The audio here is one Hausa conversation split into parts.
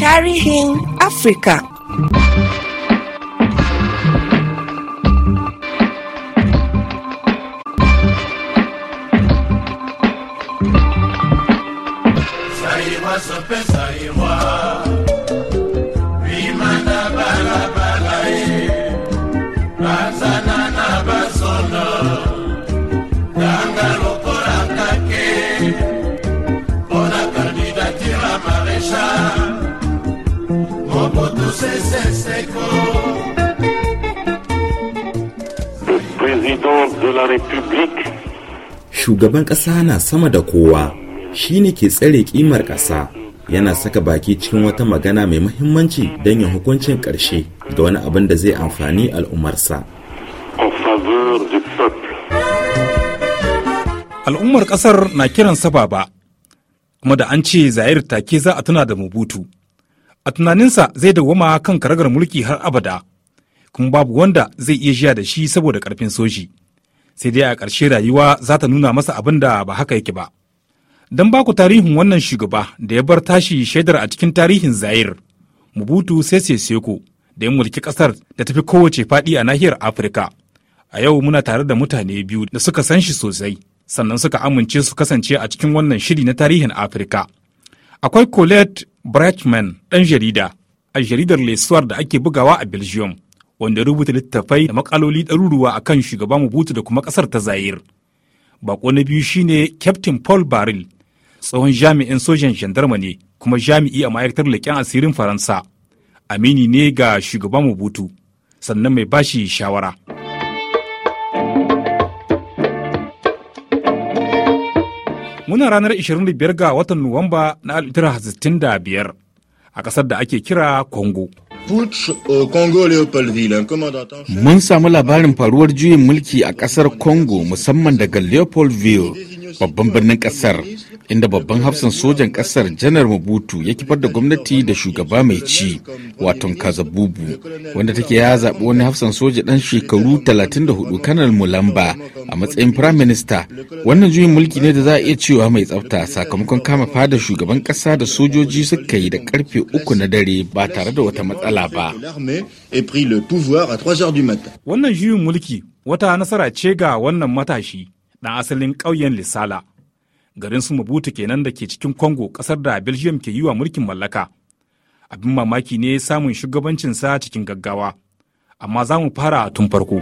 tarrying Africa. Shugaban ƙasa na sama da kowa shi ne ke tsare ƙimar ƙasa yana saka baki cikin wata magana mai mahimmanci don yin hukuncin ƙarshe da wani abin da zai amfani al'ummarsa. Al'ummar ƙasar na kiran sababa, kuma da an ce zayir take za a tuna da mubutu a tunaninsa zai dawwama kan karagar mulki har abada kuma babu wanda zai iya jiya da shi saboda karfin soji sai dai a ƙarshe rayuwa za ta nuna masa abin da ba haka yake ba don ba ku tarihin wannan shugaba da ya bar tashi shaidar a cikin tarihin zayir mubutu sese seko da ya mulki ƙasar da tafi kowace faɗi a nahiyar afirka a yau muna tare da mutane biyu da suka san shi sosai sannan suka amince su kasance a cikin wannan shiri na tarihin afirka akwai colette Brightman ɗan jarida a jaridar Lesuwar da ake bugawa a Belgium wanda rubuta littattafai da makaloli ɗaruruwa a kan shugaban Mobutu da kuma ƙasar ta Zayir. Bako na biyu shine Captain Paul Baril tsohon jami'in sojan gendarma ne kuma jami'i a ma'aikatar leƙen asirin Faransa. Amini ne ga shugaban Mobutu sannan mai bashi shawara. Muna ranar 25 ga watan Nuwamba na 1965 a ƙasar da ake kira Congo. Euh, Mun samu labarin faruwar juyin mulki a ƙasar Congo musamman daga Leopoldville, babban birnin ƙasar, inda babban hafsan sojan ƙasar Janar Mobutu ya kifar da gwamnati da shugaba mai ci, waton Kazabubu, wanda take ya zaɓi wani hafsan soja ɗan shekaru 34 Kanar Mulamba a matsayin Prime Minister. Wannan juyin mulki ne da za a iya cewa mai tsafta sakamakon kama fada shugaban ƙasa da sojoji suka yi da karfe uku na dare ba tare da wata matsala. matsala ba. Wannan juyin mulki wata nasara ce ga wannan matashi ɗan asalin ƙauyen Lisala. Garin su Mabutu kenan da ke cikin Congo ƙasar da Belgium ke yi wa mulkin mallaka. Abin mamaki ne samun shugabancinsa cikin gaggawa. Amma za mu fara tun farko.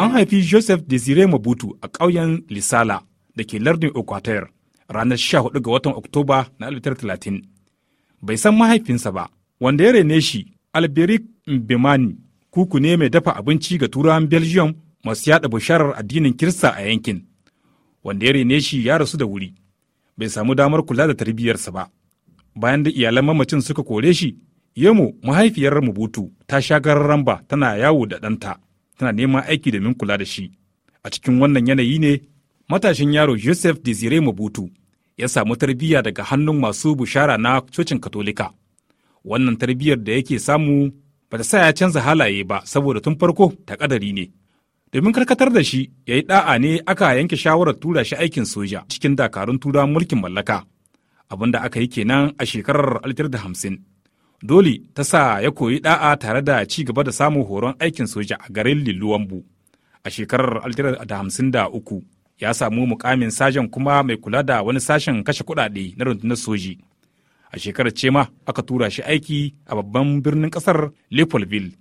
An haifi Joseph Desire Mabutu a ƙauyen Lisala da ke lardin Equateur. ranar 14 ga watan Oktoba na 1930. Bai san mahaifinsa ba, wanda ya rene shi Alberic Mbemani, kuku ne mai dafa abinci ga turawan Belgium masu yada bisharar addinin Kirista a yankin. Wanda ya rene shi ya rasu da wuri, bai samu damar kula da tarbiyyarsa ba. Bayan da iyalan mamacin suka kore shi, Yemo mahaifiyar Mubutu ta sha gararan tana yawo da ɗanta, tana neman aiki domin kula da shi. A cikin wannan yanayi ne matashin yaro Joseph Desire Mobutu ya samu tarbiyya daga hannun masu bushara na cocin katolika wannan tarbiyyar da yake samu ba ta sa ya canza halaye ba saboda tun farko ta kadari ne domin karkatar da shi ya yi ɗa'a ne aka yanke shawarar tura shi aikin soja cikin dakarun tura mulkin mallaka abinda aka yi kenan a shekarar 1950 dole ta sa ya koyi ɗa'a tare da ci gaba da samun horon aikin soja a garin lilluwambu a shekarar 1953 ya samu mukamin sajan kuma mai kula da wani sashen kashe kudade na rundunar soji a shekarar ce ma aka tura shi aiki a babban birnin kasar leopoldville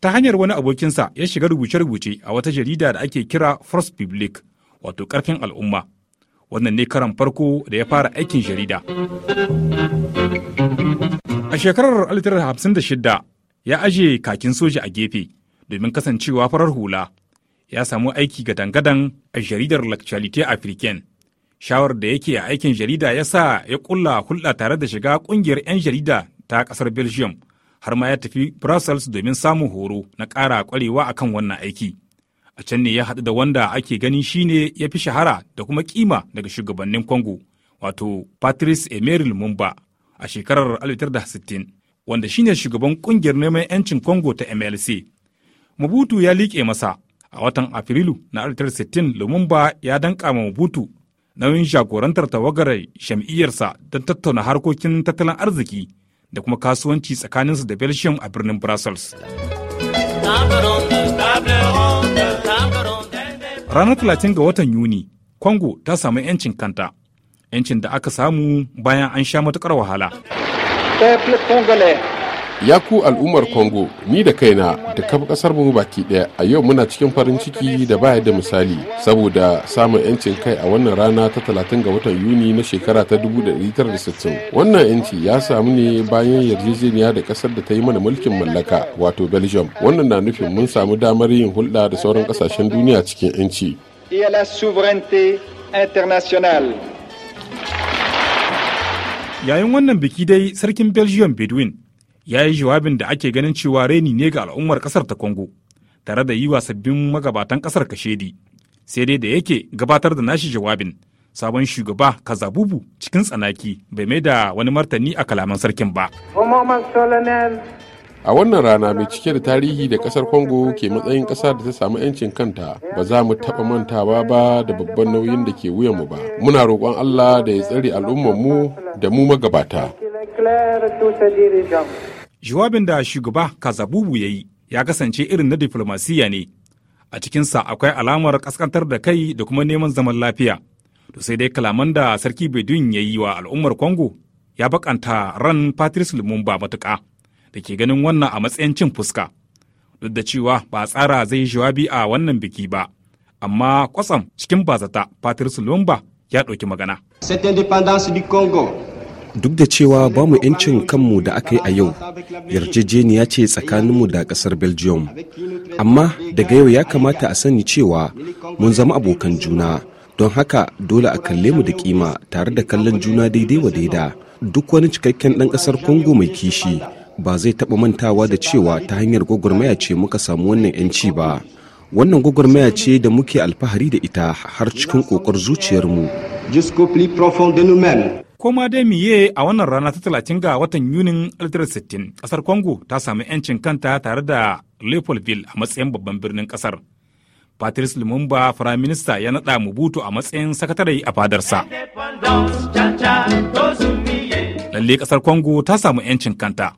ta hanyar wani abokinsa ya shiga rubuce-rubuce a wata jarida da ake kira first public wato karfin al'umma wannan ne karan farko da ya fara aikin jarida a shekarar 1956 ya aje kakin soja a gefe domin kasancewa farar hula ya samu aiki ga dangadan a jaridar L'actualité Africaine. Shawar da yake a aikin jarida ya sa ya kulla hulɗa tare da shiga ƙungiyar 'yan jarida ta ƙasar Belgium har ma ya tafi Brussels domin samun horo na ƙara ƙwarewa akan wannan aiki. A can ne ya haɗu da wanda ake ganin shine ya fi shahara da kuma kima daga shugabannin Congo, wato Patrice Emeril Mumba a shekarar 1960. wanda shine shugaban kungiyar neman 'yancin Congo ta MLC. Mabutu ya liƙe masa A watan Afrilu na 1960 Lumumba ya danƙa ma Mobutu nauyin jagorantar tawagar jam'iyyarsa don tattauna harkokin tattalin arziki da kuma kasuwanci tsakaninsu da Belgium a birnin Brussels. Ranar 30 ga watan Yuni, Congo ta samu 'yancin kanta, 'yancin da aka samu bayan an sha matukar wahala. Peuple congolais ya ku al'ummar congo ni da kaina da kafa kasar mu baki daya a yau muna cikin farin ciki da baya da misali saboda samun yancin kai a wannan rana ta 30 ga watan yuni na shekara ta 1960 wannan yanci ya samu ne bayan yarjejeniya da kasar da ta yi mana mulkin mallaka wato belgium wannan na nufin mun samu damar yin hulɗa da sauran kasashen duniya cikin yanci yayin wannan biki dai sarkin belgium bedouin ya yi jawabin da ake ganin cewa reni ne ga al'ummar kasar ta kongo tare da yi wa sabbin magabatan kasar kashedi sai dai da yake gabatar da nashi jawabin sabon shugaba ka zabubu cikin tsanaki bai mai da wani martani a kalaman sarkin ba a wannan rana mai cike da tarihi da kasar kongo ke matsayin kasa da ta samu 'yancin kanta ba za mu taɓa mantawa ba da babban nauyin da ke wuyan mu ba muna roƙon allah da ya tsare al'ummarmu da mu magabata Jawabin da shugaba Kazabubu ya yi ya kasance irin na diflomasiyya ne, a cikinsa akwai alamar kaskantar da kai da kuma neman zaman lafiya. To sai dai kalaman da Sarki Bedouin ya yi wa al'ummar Congo ya bakanta ran Patrice Lumumba matuka da ke ganin wannan a matsayin cin fuska. Duk da cewa ba a tsara zai jawabi a wannan biki ba, amma kwatsam cikin bazata Patrice Lumumba ya ɗauki magana. Cette indépendance du Congo duk da cewa ba mu 'yancin kanmu da aka yi a yau yarjejeniya ce tsakaninmu da kasar belgium amma daga yau ya kamata a sani cewa mun zama abokan juna don haka dole a kalle mu da kima tare da kallon juna daidai wa daida duk wani cikakken ɗan ƙasar congo mai kishi ba zai taɓa mantawa da cewa ta hanyar gwagwarmaya ce muka samu wannan 'yanci ba wannan gwagwarmaya ce da muke alfahari da ita har cikin ƙoƙar zuciyarmu mu. Koma dai miye a wannan rana ta talatin ga watan Yunin 1960 kasar Congo ta samu 'yancin kanta tare da Leopoldville a matsayin babban birnin kasar. Patrice Lumumba firaminista ya naɗa mubutu a matsayin sakatare a fadarsa. Lalle kasar Congo ta samu 'yancin kanta,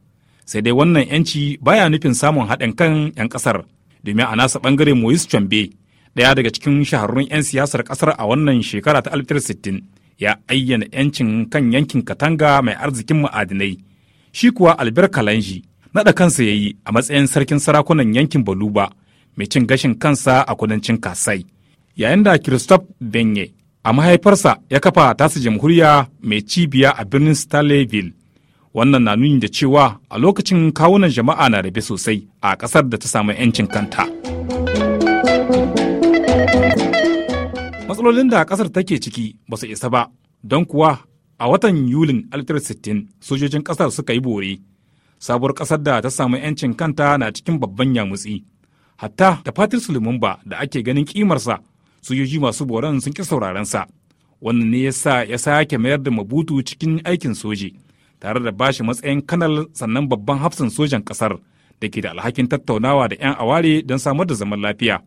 sai dai wannan 'yanci baya nufin samun haɗin kan 'yan kasar domin a nasa ɓangare Moise chambe ɗaya daga cikin shahararrun 'yan siyasar ƙasar a wannan shekara ta 1960 ya ayyana 'yancin kan yankin Katanga mai arzikin ma'adinai, shi kuwa Albert Kalanji naɗa kansa ya yi a matsayin sarkin sarakunan yankin Baluba mai cin gashin kansa a kudancin Kasai, yayin da Christophe Benye a mahaifarsa ya kafa tasa jamhuriya mai cibiya a birnin stalevil Wannan na nuni da cewa a lokacin kawunan jama'a na rabe sosai a ƙasar da ta samu 'yancin kanta. matsalolin da kasar take ciki ba su isa ba don kuwa a watan yulin 1960 sojojin kasar suka yi bore sabuwar kasar da ta samu 'yancin kanta na cikin babban yamutsi hatta da patrice lumumba da ake ganin kimarsa sojoji masu boran sun ki saurarensa wannan ne yasa ya sake mayar da mabutu cikin aikin soji tare da bashi matsayin kanal sannan babban hafsan sojan kasar da ke da alhakin tattaunawa da 'yan aware don samar da zaman lafiya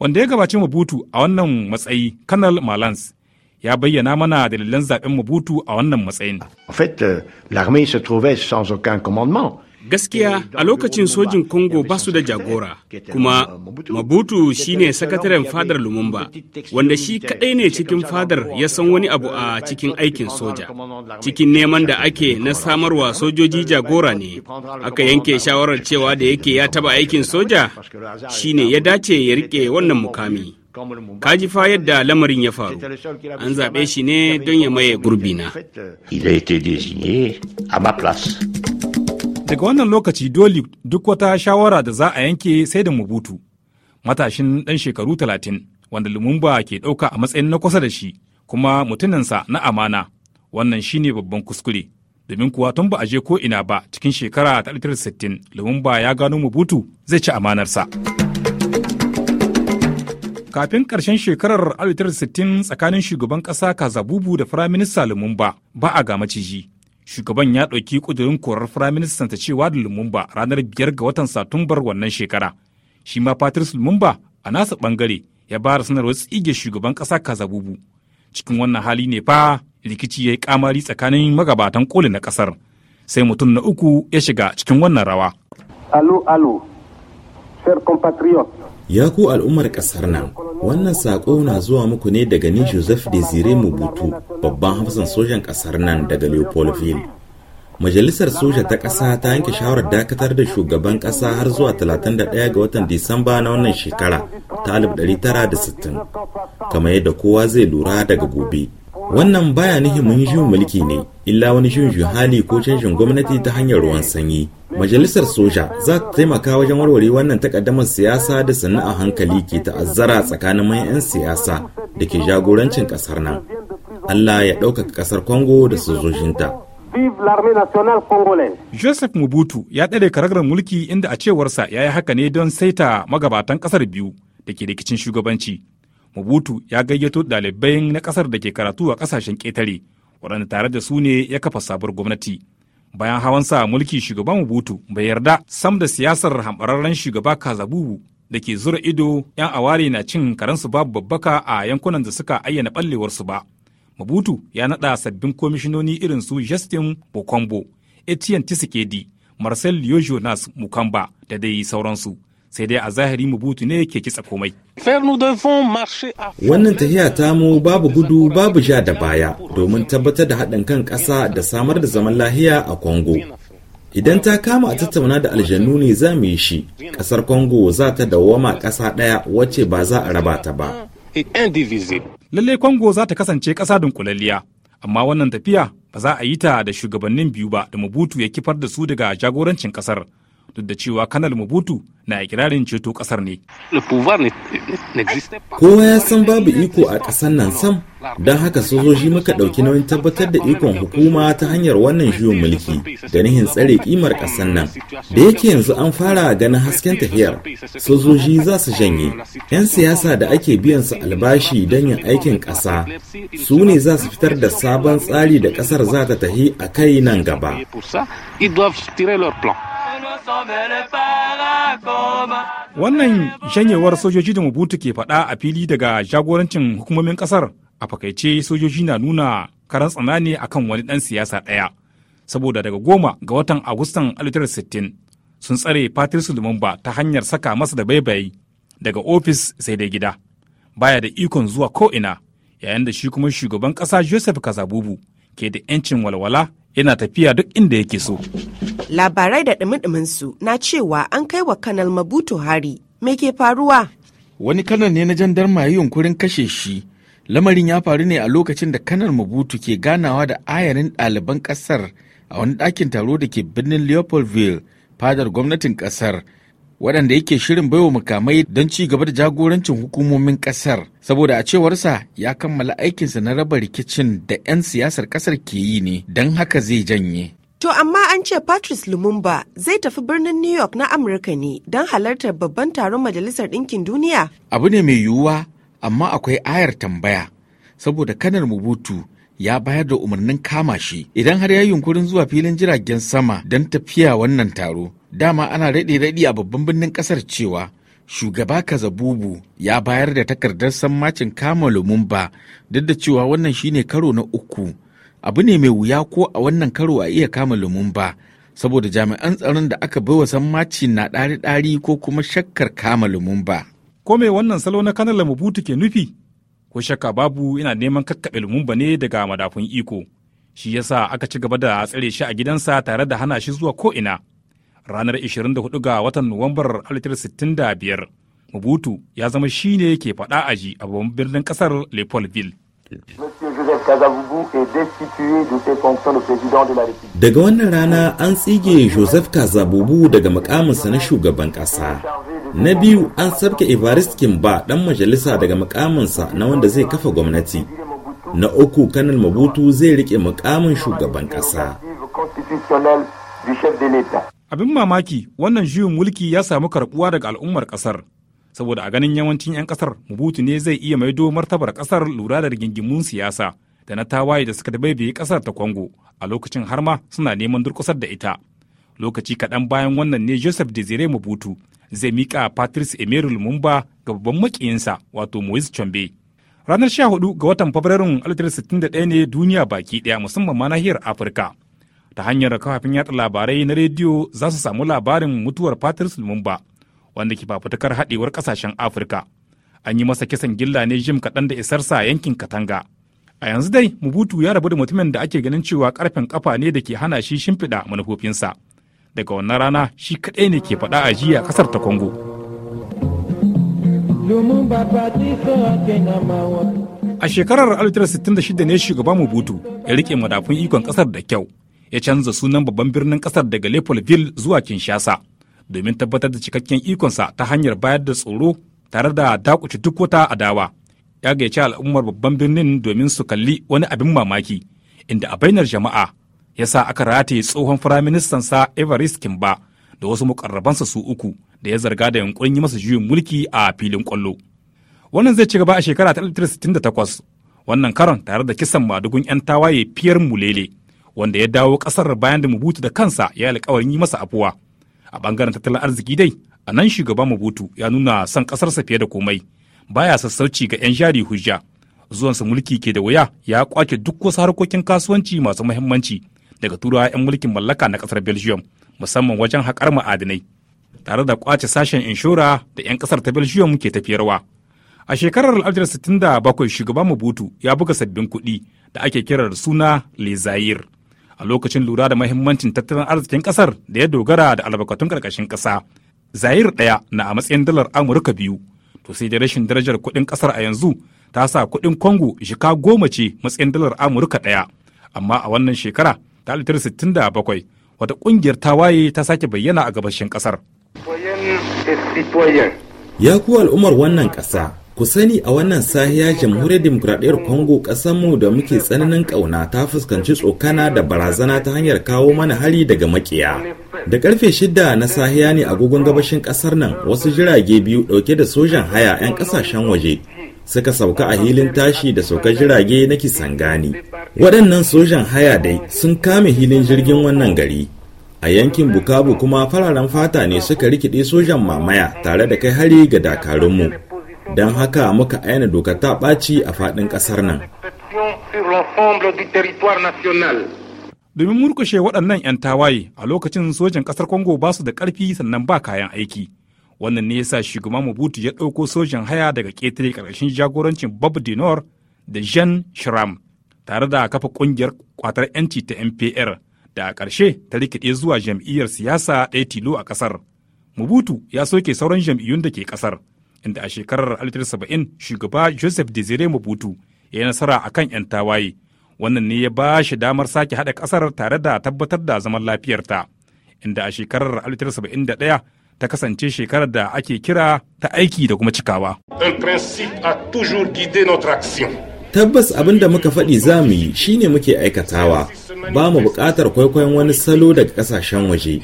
wanda ya gabace Mobutu a wannan matsayi Kanal Malans ya bayyana mana dalilan zaben Mobutu a wannan matsayin. En fait, euh, l'armée se trouvait sans aucun commandement. gaskiya eh, a lokacin sojin congo ba su da jagora kuma mabutu shine sakataren fadar lumumba wanda shi kadai ne cikin fadar ya san wani abu a cikin aikin soja cikin neman da ake na samarwa sojoji jagora ne aka yanke shawarar cewa da yake ya taba aikin soja shine ya dace ya rike wannan mukami kaji fa yadda lamarin ya faru an zaɓe shi ne don ya maye gurbina. Il a été désigné à ma place. Daga wannan lokaci dole duk wata shawara da za a yanke sai da mubutu matashin ɗan shekaru talatin, wanda Lumumba ke ɗauka a matsayin na kusa da shi, kuma mutuninsa na amana. Wannan shine babban kuskure. Domin kuwa tun ba a je ko ina ba cikin shekara ta 1960 Lumumba ya gano mubutu zai ci amanarsa. kafin ƙarshen shekarar 1960 tsakanin shugaban ƙasa kazabubu da firaminista lumumba ba a ga maciji shugaban ya ɗauki ƙudurin korar firaministan ta cewa da lumumba ranar biyar ga watan satumbar wannan shekara shi ma patrice lumumba a nasa ɓangare ya ba da sanarwar tsige shugaban ƙasa kazabubu cikin wannan hali ne fa rikici ya yi kamari tsakanin magabatan koli na ƙasar sai mutum na uku ya shiga cikin wannan rawa. alo alo sir compatriot ya ku al'ummar ƙasar nan wannan saƙo na zuwa muku ne daga ni joseph desire mubutu babban hafsan sojan ƙasar nan daga leopoldville majalisar soja ta ƙasa ta yanke shawarar dakatar da shugaban ƙasa har zuwa 31 ga watan disamba na wannan shekara ta 1960 kamar yadda kowa zai lura daga gobe wannan baya nihin mun juyin mulki ne illa wani juyin hali ko canjin gwamnati ta hanyar ruwan sanyi majalisar soja za ta taimaka wajen warware wannan takaddamar siyasa da sannu a hankali ke ta'azzara tsakanin manyan 'yan siyasa da ke jagorancin kasar nan allah ya ɗaukaka ƙasar congo da sojojinta Joseph mubutu ya ɗare karagar mulki inda a cewarsa ya yi haka ne don saita magabatan ƙasar biyu da ke rikicin shugabanci. Mobutu ya gayyato ɗalibai na ƙasar da ke karatu a ƙasashen ƙetare, waɗanda tare da su ne ya kafa sabuwar gwamnati. Bayan hawan sa mulki shugaban Mobutu bai yarda sam da siyasar hambararren shugaba Kazabubu da ke zura ido 'yan aware na cin karensu babu babbaka a yankunan da suka ayyana ɓallewarsu ba. Mobutu ya naɗa sabbin komishinoni irin su Justin Bokombo, Etienne Tisikedi, Marcel Lyojonas Mukamba da dai sauransu. sai dai a zahiri butu ne ke kitsa komai. Wannan tahiya ta mu babu gudu babu ja da baya domin tabbatar da haɗin kan ƙasa da samar da zaman lahiya a kongo Idan ta kama a tattauna da aljannu ne za mu yi shi, ƙasar Congo za ta dawwama ƙasa ɗaya wacce ba za a raba ta ba. Lallai Congo za ta kasance ƙasa dunkulalliya, amma wannan tafiya ba za a yi ta da shugabannin biyu ba da Mobutu ya kifar da su daga jagorancin ƙasar. duk da cewa kanal Mobutu na ikirarin ceto kasar ne. Kowa ya san babu iko a ƙasar nan sam, don haka sojoji muka ɗauki nauyin tabbatar da ikon hukuma ta hanyar wannan juyin mulki da nihin tsare ƙimar ƙasar nan. Da yake yanzu an fara ganin hasken tafiyar, sojoji za su janye. 'Yan siyasa da ake biyan su albashi don yin aikin ƙasa, su ne za su fitar da sabon tsari da ƙasar za ta tahi a kai nan gaba. Wannan shanyewar sojoji da Mobutu ke faɗa a fili daga jagorancin hukumomin ƙasar a fakaice sojoji na nuna karan tsana ne akan wani ɗan siyasa ɗaya. Saboda daga goma ga watan Agustan 1960 sun tsare Patrice Lumumba ta hanyar saka masa da baibayi daga ofis sai dai gida. Baya da ikon zuwa ko'ina yayin da shi kuma shugaban ƙasa Joseph Kazabubu ke da 'yancin walwala yana tafiya duk inda yake so. labarai da ɗumi su na cewa an kai wa kanal Mabuto hari. Me ke faruwa? Wani kanal ne na jandarma ya yunkurin kashe shi. Lamarin ya faru ne a lokacin da kanal Mabutu ke ganawa da ayarin ɗaliban ƙasar a wani ɗakin taro da ke birnin Leopoldville, fadar gwamnatin ƙasar. waɗanda yake shirin baiwa mukamai don ci gaba da jagorancin hukumomin ƙasar saboda a cewarsa ya kammala aikinsa na raba rikicin da 'yan siyasar ƙasar ke yi ne don haka zai janye To amma an ce Patrice Lumumba zai tafi birnin New York na Amurka ne don halartar babban taron Majalisar Ɗinkin Duniya? Abu ne mai yiwuwa, amma akwai ayar tambaya, saboda kanar Mubutu ya bayar da umarnin kama shi idan har ya yunkurin zuwa filin jiragen sama don tafiya wannan taro. Dama ana raɗe-raɗi a babban birnin ƙasar cewa shugaba Kazabubu ya bayar da takardar sammacin kama Lumumba duk da cewa wannan shine karo na uku. abu ne mai wuya ko a wannan karo a iya kama lumumba saboda jami'an tsaron da aka bai baiwa sammaci na ɗari-ɗari ko kuma shakkar kama lumumba. ko mai wannan salo na kanar mabutu ke nufi ko shakka babu yana neman kakkaɓe lumumba ne daga madafun iko shi yasa aka ci gaba da tsare shi a gidansa tare da hana shi zuwa ko'ina ranar 24 ga watan nuwambar 1965 mabutu ya zama shi ne ke faɗa aji a babban birnin ƙasar leopoldville Daga wannan rana an tsige Joseph kazabubu daga mukaminsa na shugaban kasa Na biyu an sabke Evariste Kimba dan majalisa daga mukamansa na wanda zai kafa gwamnati. Na uku Kanal Mabutu zai rike mukamin shugaban kasa. Abin mamaki wannan juyin mulki ya samu karbuwa daga al'ummar kasar saboda a ganin yawancin 'yan kasar mabutu ne zai iya maido martabar kasar lura da rigingimun siyasa da na tawaye da suka dabaibaye kasar ta Congo a lokacin har ma suna neman durkusar da ita. Lokaci kaɗan bayan wannan ne Joseph Desire Mobutu zai miƙa Patrice Emery Lumumba ga babban makiyinsa wato Moise Chombe. Ranar sha hudu ga watan Fabrairun 1961 ne duniya baki ɗaya musamman ma nahiyar Afirka. Ta hanyar kafafin yatsa labarai na rediyo za su samu labarin mutuwar Patrice Lumumba wanda ke fafutukar haɗewar ƙasashen Afirka. An yi masa kisan gilla ne jim kaɗan da isarsa yankin Katanga. A yanzu dai Mubutu ya rabu da mutumin da ake ganin cewa karfen kafa ne da ke hana shi shimfiɗa manufofinsa. Daga wannan rana shi kaɗai ne ke faɗa a jiya ƙasar ta Kongo. A shekarar 1966 ne shugaban mubutu ya rike madafun ikon ƙasar da kyau. Ya canza sunan babban birnin ƙasar daga Leopoldville zuwa Kinshasa domin tabbatar da cikakken ikonsa ta hanyar bayar da tsoro tare da dakuce duk wata adawa. ya gayyaci al'ummar babban birnin domin su kalli wani abin mamaki inda a bainar jama'a ya sa aka rataye tsohon firaministan firaministansa Evarist Kimba da wasu mukarrabansa su uku da ya zarga da yunkurin yi masa juyin mulki a filin kwallo. Wannan zai ci gaba a shekara ta 1968 wannan karon tare da kisan madugun 'yan tawaye Pierre Mulele wanda ya dawo kasar bayan da Mubutu da kansa ya yi alkawarin yi masa afuwa. A bangaren tattalin arziki dai, a nan shugaban Mubutu ya nuna son kasarsa fiye da komai. baya sassauci ga 'yan jari hujja zuwansa mulki ke da wuya ya kwace duk wasu harkokin kasuwanci masu mahimmanci daga turawa 'yan mulkin mallaka na kasar belgium musamman wajen haƙar ma'adinai tare da kwace sashen inshora da 'yan kasar ta belgium ke tafiyarwa a shekarar 1967 shugaban mabutu ya buga sabbin kuɗi da ake da suna lezayir a lokacin lura da mahimmancin tattalin arzikin kasar da ya dogara da albarkatun ƙarƙashin ƙasa zayir ɗaya na a matsayin dalar amurka biyu to sai da rashin darajar kuɗin ƙasar a yanzu ta sa kuɗin congo shika goma ce matsayin dalar amurka ɗaya amma a wannan shekara ta da bakwai wata ƙungiyar tawaye ta sake bayyana a gabashin ƙasar ya ku al'ummar wannan ƙasa Ku sani a wannan sahiya jamhuriyar demokuraɗiyar Congo mu da muke tsananin ƙauna ta fuskanci tsokana da barazana ta hanyar kawo mana hari daga makiya. Da karfe shida na sahiya ne agogon gabashin ƙasar nan wasu jirage biyu ɗauke da sojan haya 'yan ƙasashen waje suka sauka a hilin tashi da sauka jirage na Kisangani. Waɗannan sojan haya dai sun kame hilin jirgin wannan gari. a yankin bukabu kuma fararen fata ne suka rikide sojan mamaya tare da kai hari ga dakarunmu don haka muka aina doka ta ɓaci a faɗin ƙasar nan domin murkushe waɗannan 'yan tawaye a lokacin sojan ƙasar kongo ba su da ƙarfi sannan ba kayan aiki wannan ne yasa shugaban mobutu ya ɗauko sojan haya daga ƙetare ƙarƙashin jagorancin bob dinor da jean shram tare da kafa ƙungiyar kwatar 'yanci ta NPR da a ƙarshe ta rikide zuwa jam'iyyar siyasa ɗaya tilo a ƙasar mobutu ya soke sauran jam'iyyun da ke ƙasar inda a shekarar 1970 shugaba Joseph Desire Mobutu ya yi nasara a kan 'yan tawaye. Wannan ne ya ba shi damar sake haɗa ƙasar tare da tabbatar da zaman lafiyarta, inda a shekarar 1971 ta kasance shekarar da ake kira ta aiki da kuma cikawa. Un principe tabbas abin da muka faɗi za mu yi ne muke aikatawa ba mu buƙatar kwaikwayon wani salo daga ƙasashen waje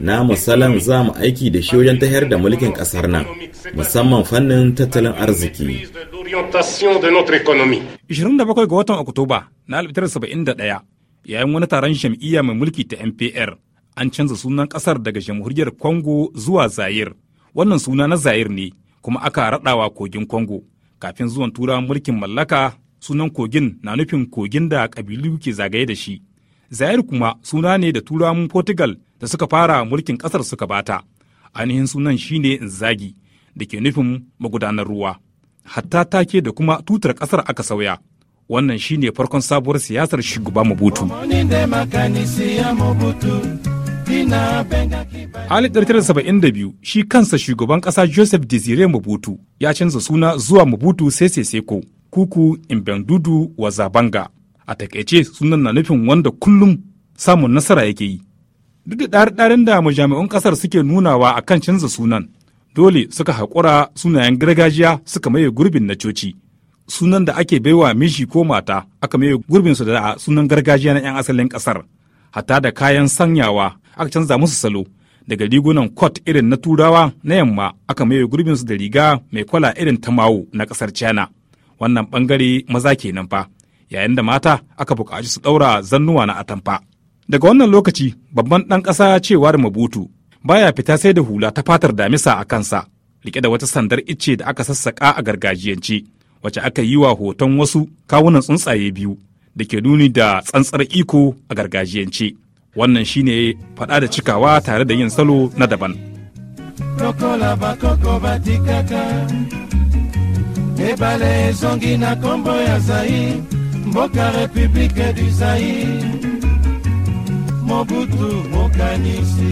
na musalan za mu aiki da shi wajen tahiyar da mulkin ƙasar nan musamman fannin tattalin arziki 27 ga watan oktoba na 1971 yayin wani taron jam'iyya mai mulki ta mpr an canza sunan ƙasar daga jamhuriyar congo zuwa zayir wannan suna na zayir ne kuma aka raɗawa kogin congo kafin zuwan turawan mulkin mallaka sunan kogin na nufin kogin da ƙabilu ke zagaye da shi zayar kuma suna ne da turawan portugal da suka fara mulkin ƙasar suka bata ainihin sunan shine zagi da ke nufin magudanar ruwa hatta take da kuma tutar ƙasar aka sauya wannan shine farkon sabuwar siyasar shugaba mobutu 1972 shi kansa shugaban ƙasa Joseph Desire Mobutu ya canza suna zuwa Mobutu Sese Seko Kuku Imbendudu wa Zabanga. A takaice sunan na nufin wanda kullum samun nasara yake yi. Duk da ɗare-ɗaren da majami'un ƙasar suke nunawa a kan canza sunan, dole suka haƙura sunayen gargajiya suka maye gurbin na coci. Sunan da ake baiwa miji ko mata aka maye gurbinsu da sunan gargajiya na 'yan asalin ƙasar. Hatta da kayan sanyawa aka canza musu salo daga rigunan kot irin na turawa na yamma aka maye su da riga mai kwala irin ta mawo na kasar china wannan bangare maza kenan fa yayin da mata aka buƙaci su ɗaura zannuwa na atamfa daga wannan lokaci babban ɗan ƙasa cewar mabutu baya fita sai da hula ta fatar damisa a kansa rike da wata sandar icce da aka sassaƙa a gargajiyance wace aka yi wa hoton wasu kawunan tsuntsaye biyu da ke nuni da tsantsar iko a gargajiyance wannan shine faɗa da cikawa tare da yin salo na daban ebale ezongi na nkombo ya zair mboka republike du zair mobutu mokanisi